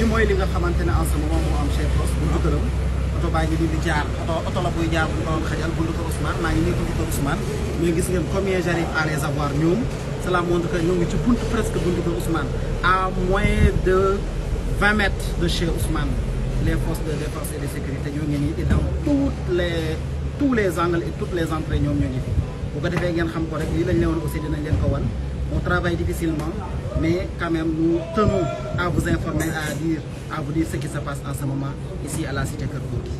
lii mooy li nga xamante ne en ce moment moo am chef poste bu jëkkëram oto baa ngi nii di jaar oto oto la buy jaar bu ñu ko doon xajal buntu ko Ousmane maa ngi nii buntu ko Ousmane gis ngeen combien j'arrive à les avoir ñoom cela montre que ngi ci buntu presque buntu ko Ousmane à moins de 20 mètres de chez Ousmane les forces de défense et de sécurité ñoo ngi nii di dans toutes les tous angles et toutes les entrées ñoom ñoo ngi bu ko defee ngeen xam ko rek lii lañ ne woon aussi dinañ leen ko wan on travaille difficilement, mais quand même nous tenons à vous informer, à, dire, à vous dire ce qui se passe en ce moment ici à la cité Kerkouki.